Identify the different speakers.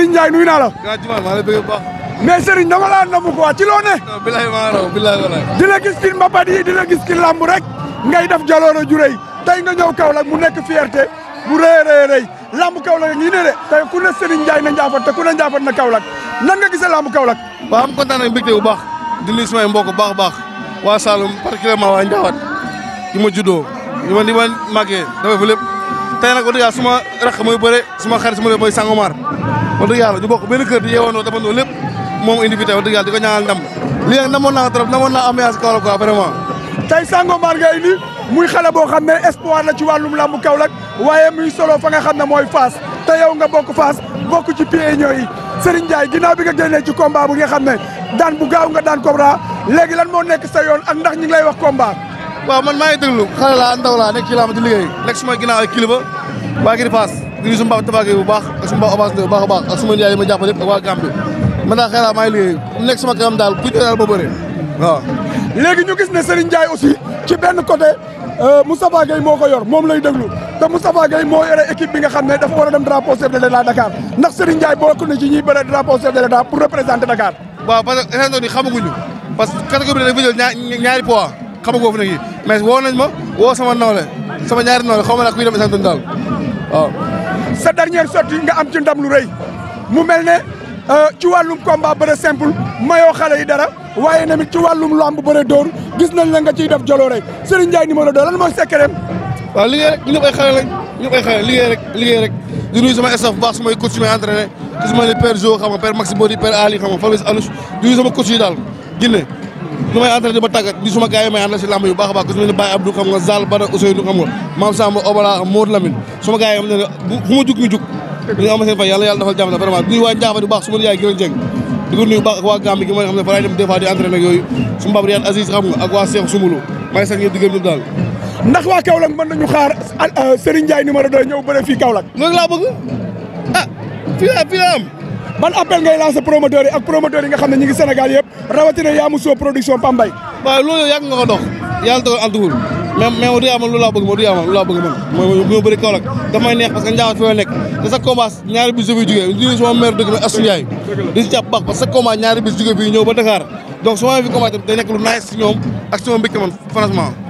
Speaker 1: Serigne Ndiaye nuyu naa la. gàllankoor maa ngi lay bëgg bu baax. mais Serigne dama laa namm quoi ci ne. bilaay raw di la gis ci mbapat yi di la gis ci làmb rek ngay def jalooro ju rëy tey nga ñëw Kaolack mu nekk fierté bu rëy rëy rëy làmb Kaolack ñii ne de tey ku ne Serigne Ndiaye na njaafat
Speaker 2: te ku ne njaafat na Kaolack nan nga gisee làmb Kaolack. waaw am kontaan ak mbégte bu baax di nuyu sumay mbokk baax baax waa Saloum particulièrement waa Ndiawat di ma juddoo di ma di ma dafa suma suma xarit Sangomar wax yalla yàlla ñu bokk ben kër di yewono defandoo lépp moom indi fi tey wax dëgg ñaanal ndam li nag namoon na trop namoon na ambiance ko ko vraiment tay sango mar ngay ni muy xale bo xam espoir la ci
Speaker 1: walum lamb kaw lak waye muy solo fa nga xam moy fas Fass te yow nga bokk fas bokk ci pied ñoy Serigne Ndiaye ginaaw bi nga génnee ci combat bu nga xam ne daan bu gaaw nga daan Cobra léegi
Speaker 2: lan mo nek sa yoon ak ndax ñi ngi lay wax combat waaw man may deglu xala la laa ndaw laa nekk ci lamb di liggéey nekk suma ginaaw ay kilifa gi di Fass di nuyu su mbaaw tabaake bu baax ak su mbaaw a baax ak su ma yaay yi ma jàppale yëpp ak waa Gambie daal xelal maa ngi liggéey nekk sama kanam daal ku ñëw daal ba bëre waaw ñu gis ne Serigne Ndiaye aussi ci benn côté euh, Moustapha Gueye moo ko yor moom
Speaker 1: lay déglu te Moustapha Gueye moo yore équipe bi nga xam ne dafa war a dem drapeau chef de l'État Dakar ndax Serigne Ndiaye bokk
Speaker 2: na ci ñuy bëre drapeau chef de l'État pour représenter Dakar waaw parce que instant bii xamaguñu parce que catégorie dafa jël ñaari ñaari poids xamagoo fi sama nawle sama xaw ma nag kuy waaw sa dernière sortie nga am ci ndam lu rëy
Speaker 1: mu mel ne euh, ci wàllum komba bëre simple mayoo xale yi dara waaye tamit ci wàllum lamb bëre dóor gis nañ la nga ciy def joloo rek Serigne Ndiaye numéro 2 lan mooy secret waaw liggéey
Speaker 2: rek ñëpp ay xale lañ ñëpp ay xale liggéey rek liggéey rek sama staff bu baax su may coach su may entraîné su ma ne père Jo xam nga père Maxime Bodi père Ali xam nga Fabrice Alouche di nuyu sama coach yi daal Guinée ñu may entraîné ba tàggat di suma gars yi may àndal si lamb yu baax a baax ku si mel ni xam nga Zal Bada Ousseynou xam nga Mame Samba Obala Modou Lamine suma gars yi ne ne bu ma jug ñu jug ñu fay yàlla yàlla dafal jàmm na vraiment duy waa Njaafa di baax su ma yaay gën a jeng di ko nuyu baax ak waa Gambie gi ma xam ne fa laay di entraîné yooyu suma bab Riyad Aziz xam nga ak waa Cheikh Soumboulou may sax ñëpp di gëm daal ndax
Speaker 1: ban appel ngay lancé promoteur yi ak promoteur nga xam ne ñu ngi Sénégal yëpp rawatina Yamoussoukro production
Speaker 2: Pambay. waaw loolu yàgg nga ko dox yàlla dogal àddugul mais mais Modou Yama lu laa lu laa bëgg man mooy bu ma bëri Kaolack damay neex parce que njaaxat fi may nekk sa combat ñaari bis dafay jógee di sama maire dëkk bi Assou Ndiaye di si jàpp parce que sa combat ñaari bis jógee fii ñëw ba Dakar donc su ma fi combat tamit day nekk lu nice si ñoom ak